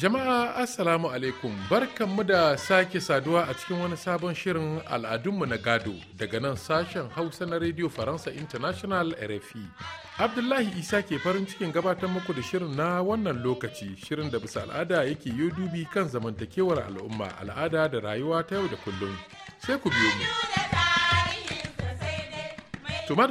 Jama'a Assalamu alaikum barkanmu da sake saduwa a cikin wani sabon shirin al'adunmu na gado daga nan sashen Hausa na Radio Faransa International RFI. Abdullahi Isa ke farin cikin gabatar muku da shirin na wannan lokaci shirin da bisa al'ada yake yi dubi kan zamantakewar al'umma al'ada da rayuwa ta yau da kullum. Sai ku biyo mu.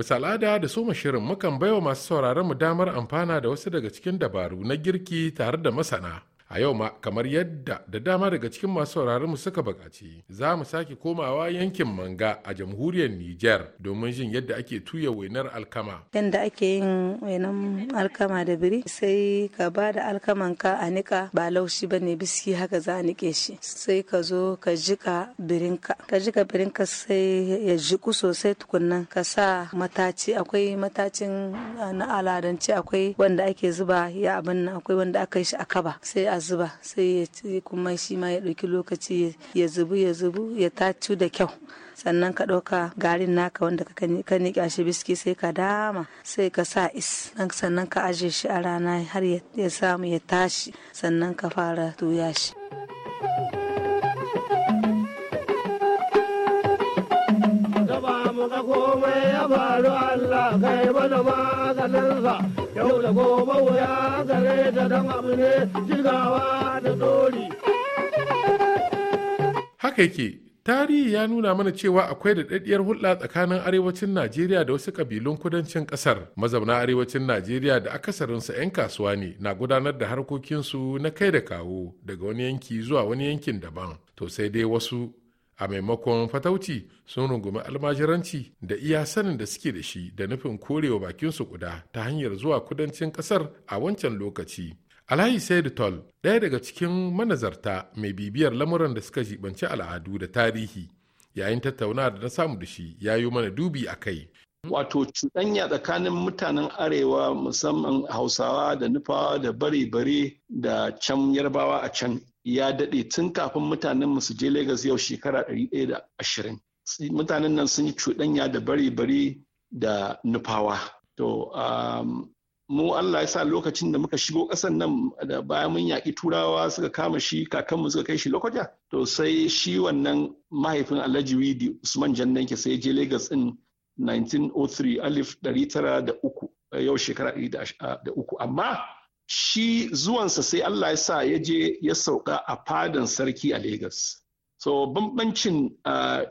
Bisa al'ada da soma shirin mukan baiwa masu sauraron mu damar amfana da wasu daga cikin dabaru na girki tare da masana. a yau ma kamar yadda da dama daga cikin masu sauraron mu suka bukaci za mu sake komawa yankin manga a jamhuriyar nijar domin jin yadda ake tuya wainar alkama yadda ake yin wainan alkama da biri sai ka ba da alkaman ka a nika ba laushi ba ne biski haka za a nike shi sai ka zo ka jika birinka ka jika birinka sai ya jiku sosai tukunnan ka sa mataci akwai matacin ah, na aladanci akwai wanda ake zuba ya abin akwai wanda aka yi shi a kaba sai a zuba sai ya ci kuma shi ma ya ɗauki lokaci ya zubu ya zubu ya tacu da kyau sannan ka ɗauka garin naka wanda ka niƙa shi biski sai ka dama sai ka sa is sannan ka aje shi a rana har ya samu ya tashi sannan ka fara tuya shi. komai ya faru Allah kai yau da gobe wuya da dan abu da dori. Haka yake tarihi ya nuna mana cewa akwai da daɗaɗɗiyar hulɗa tsakanin arewacin najeriya da wasu ƙabilun kudancin ƙasar mazauna arewacin najeriya da akasarinsa 'yan kasuwa ne na gudanar da harkokinsu na kai da kawo daga wani yanki zuwa wani yankin daban to sai dai wasu a maimakon fatauci sun rungumi almajiranci da iya sanin da suke da shi da nufin korewa bakinsu guda ta hanyar zuwa kudancin kasar a wancan lokaci alhaji said tol ɗaya daga cikin manazarta mai bibiyar lamuran da suka jibanci al'adu da tarihi yayin tattauna da na samu da shi ya yi mana dubi a kai wato cuɗanya tsakanin mutanen arewa musamman hausawa da nufawa da bare-bare da can yarbawa a can ya daɗe tun kafin mutanen su je Legas yau shekara 120. Mutanen nan sun yi cuɗanya da bari-bari da nufawa. To, mu Allah ya sa lokacin da muka shigo ƙasar nan da bayan mun yaƙi turawa suka kama shi kakanmu suka kai shi lokaja to sai shi wannan mahaifin Alhaji Widi Usman Jannanke sai je legas ɗin 1903 alif 903 yau shekara 103 amma shi zuwansa sai Allah ya sa ya je ya sauka a fadan sarki a Legas. So bambancin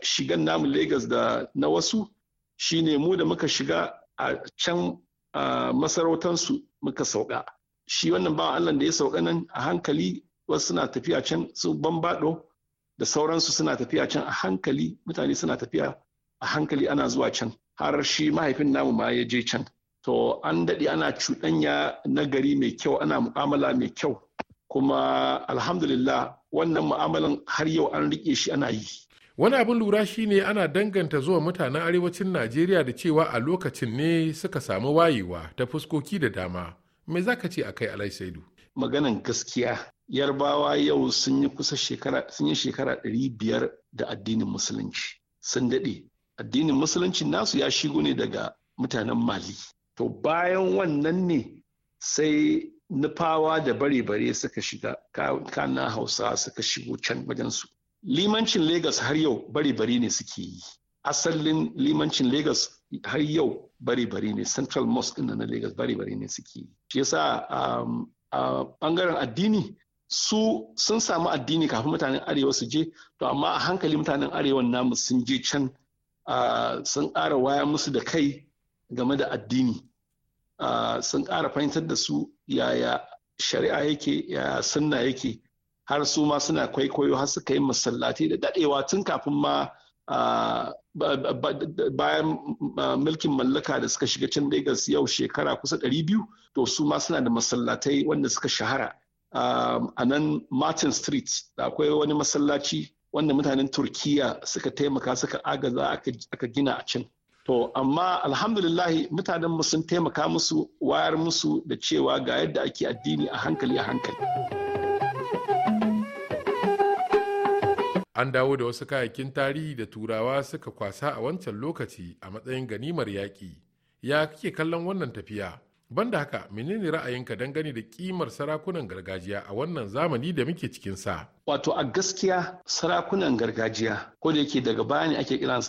shigan namu Legas da na wasu shi ne mu da muka shiga a can masarautansu muka sauka. Shi wannan ba Allah da ya sauka nan a hankali wasu suna tafiya can su bambado da sauransu suna tafiya can a hankali mutane suna tafiya a hankali ana zuwa can har shi mahaifin namu ma ya je can. to an daɗe ana cuɗanya na gari mai kyau ana mu'amala mai kyau kuma alhamdulillah wannan mu'amalan har yau an riƙe shi ana yi wani abin lura shine ana danganta zuwa mutanen arewacin najeriya da cewa a lokacin ne suka samu wayewa ta fuskoki da dama me zaka ce kai alai saidu maganan gaskiya yarbawa yau sun yi kusa shekara sun yi shekara ɗari biyar da addinin musulunci sun daɗe addinin musulunci nasu ya shigo ne daga mutanen mali to bayan wannan ne sai nufawa da bare-bare suka shiga kana hausa suka shigo can su. limancin Legas har yau bare-bare ne suke yi asalin limancin Legas har yau bare-bare ne central mosque na Legas bare-bare ne suke yi shi yasa um, a bangaren addini su sun samu addini kafin mutanen arewa su je to amma a hankali mutanen arewa namu sun je can sun ƙara waya musu da kai game da addini sun ƙara fahimtar da su yaya shari'a yake yaya sunna yake har su ma suna kwaikwayo har suka yi masallatai da daɗewa tun kafin ma bayan mulkin mallaka da suka shiga can Legas yau shekara kusa 200 to su ma suna da masallatai wanda suka shahara a nan Martin Street akwai wani masallaci wanda mutanen Turkiya suka taimaka suka agaza aka gina a can To, amma alhamdulillahi mutanen mu sun taimaka musu wayar musu da cewa ga yadda ake addini a hankali a hankali. An dawo da wasu kayakin tarihi da turawa suka kwasa a wancan lokaci a matsayin ganimar yaƙi. Ya kake kallon wannan tafiya? banda haka menene ra'ayinka dangane da kimar sarakunan gargajiya a wannan zamani da muke cikin sa wato a gaskiya sarakunan gargajiya ko da yake daga baya ne ake kiran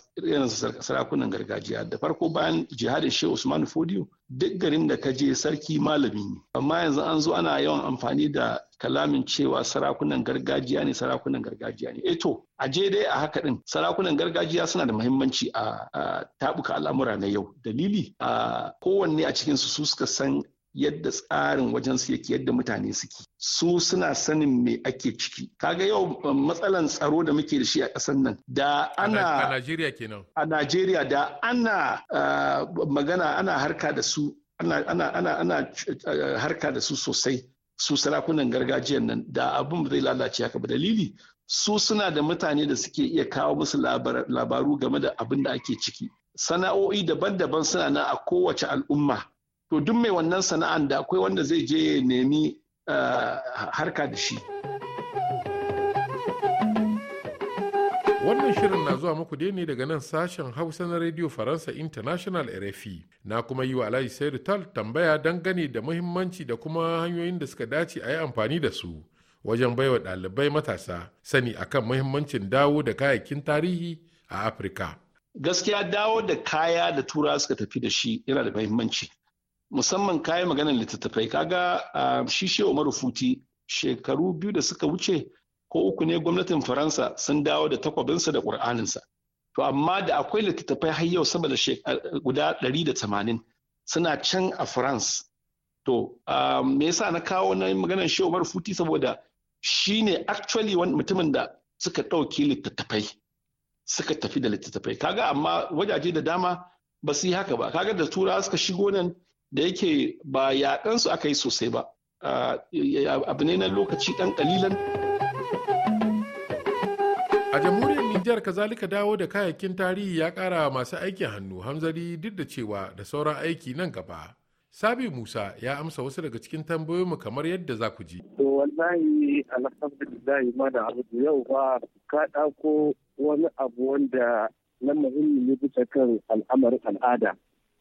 sarakunan gargajiya da farko bayan jihadin shehu usman fodiyo duk garin da ka je sarki malami ne amma yanzu an zo ana yawan amfani da kalamin cewa sarakunan gargajiya ne sarakunan gargajiya ne eto eh a je dai a haka din sarakunan gargajiya suna da muhimmanci a tabuka al'amura na yau dalili a kowanne a cikin su su suka san yadda tsarin wajen su yake yadda mutane suke su suna sanin me ake ciki kaga yau matsalan tsaro da muke da shi a ƙasar nan da ana a Najeriya kenan a Najeriya da ana magana ana harka da su ana ana ana harka da su sosai su sarakunan gargajiyan nan da abin zai lalace haka ba dalili su suna da mutane da suke iya kawo musu labaru game da abin da ake ciki sana'o'i daban-daban suna na a kowace al'umma to duk mai wannan sana'an da akwai wanda zai je ya nemi eh, harka da shi. Wannan shirin na zuwa muku ne daga nan sashen Hausa na Radio Faransa International RFI. Na kuma yi wa Alhaji Saidu Tal tambaya dangane da muhimmanci da kuma hanyoyin da suka dace a yi amfani da su wajen baiwa ɗalibai matasa sani akan muhimmancin dawo da kayayyakin tarihi a Afirka. Gaskiya dawo da kaya da tura suka tafi da shi yana da muhimmanci. Musamman kayan maganar littattafai kaga ah, shi Shehu Umaru Futi shekaru biyu da suka wuce ko uku ne gwamnatin faransa sun dawo da takwabinsa da ƙur'aninsa to amma da akwai littattafai har yau sama da guda 180 suna can a france to um, me yasa na kawo na maganar shi umar futi saboda shi ne actually wani mutumin da suka ɗauki littattafai suka tafi da littattafai kaga amma wajaje da dama ba su yi haka ba kaga da tura suka shigo nan da yake ba yaƙansu aka yi sosai ba uh, abu ne na lokaci ɗan ƙalilan a jamhuriyar nijar kazalika dawo da kayayyakin tarihi ya kara masu aikin hannu hamzari duk da cewa da sauran aiki nan gaba sabi musa ya amsa wasu daga cikin tambayoyinmu kamar yadda za ku ji to wallahi alhamdulillahi ma da abu yau ba ka wani abu wanda na muhimmi ne bisa kan al'amarin al'ada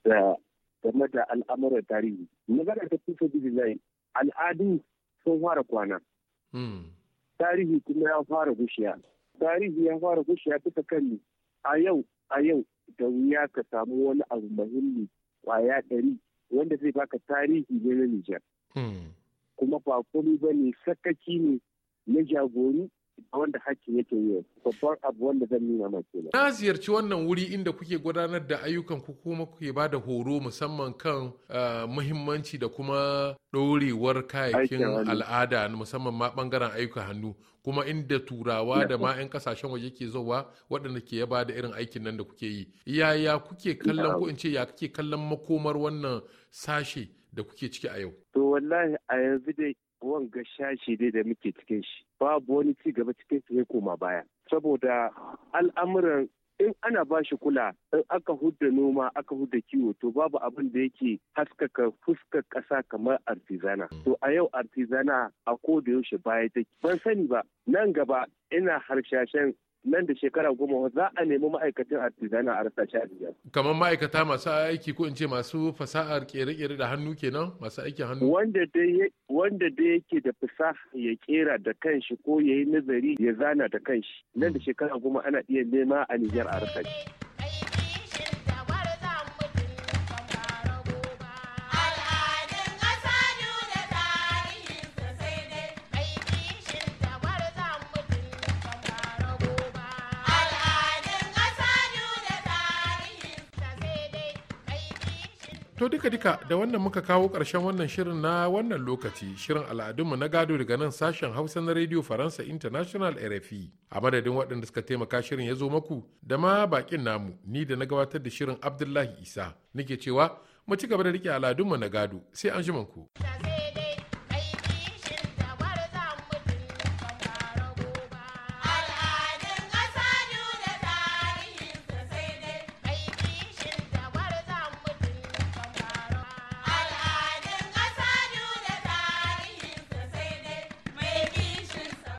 da game da al'amuran tarihi magana ta kusa bizilayi al'adu sun fara kwana hmm. tarihi kuma ya fara gushiya tarihi ya fara gushiya bisa kan a yau a yau da wuya ka samu wani abu muhimmi kwaya ɗari wanda zai baka tarihi ne na Nijar. Hmm. Kuma ba komai ba ne sakaki ne na jagori wanda hakkin yake yi babban abu wanda zan nuna ma kenan na ziyarci wannan wuri inda kuke gudanar da ayyukan ku kuma kuke ba da horo musamman kan ah, muhimmanci da kuma ɗorewar kayayyakin al'ada musamman ma bangaren ayyukan hannu kuma inda turawa da ma 'yan kasashen waje ke zowa waɗanda ke yaba da irin aikin nan da kuke yi yaya kuke kallon ko in ce ya kuke kallon makomar wannan sashe da kuke ciki a yau to wallahi a yanzu dai wanga shashi dai da muke cikin shi babu wani ci gaba cikin su koma baya saboda al'amuran in ana ba shi kula in aka hudda noma aka hudda kiwo to babu abin da yake haskaka fuskar ƙasa kamar artizana to a yau artizana a ko da yaushe baya take ban sani ba nan gaba ina harshashen nan da shekara goma za a nemi ma'aikatan artisanal a rasa sha Kamar ma'aikata masu aiki ko in ce masu fasahar kere-kere da hannu kenan masu aikin hannu. Wanda dai yake da fasaha ya kera da kanshi ko ya yi nazari ya zana da kanshi nan da hmm. shekara goma ana iya nema a Nijar a rasa To duka-duka da wannan muka kawo ƙarshen wannan shirin na wannan lokaci shirin al'adunmu na gado daga nan sashen Hausa na Radio Faransa International RFI. A madadin waɗanda suka taimaka shirin ya zo maku da ma bakin namu ni da na gabatar da shirin Abdullahi Isa nake cewa mu ci gaba da riƙe al'adunmu na gado sai an ku.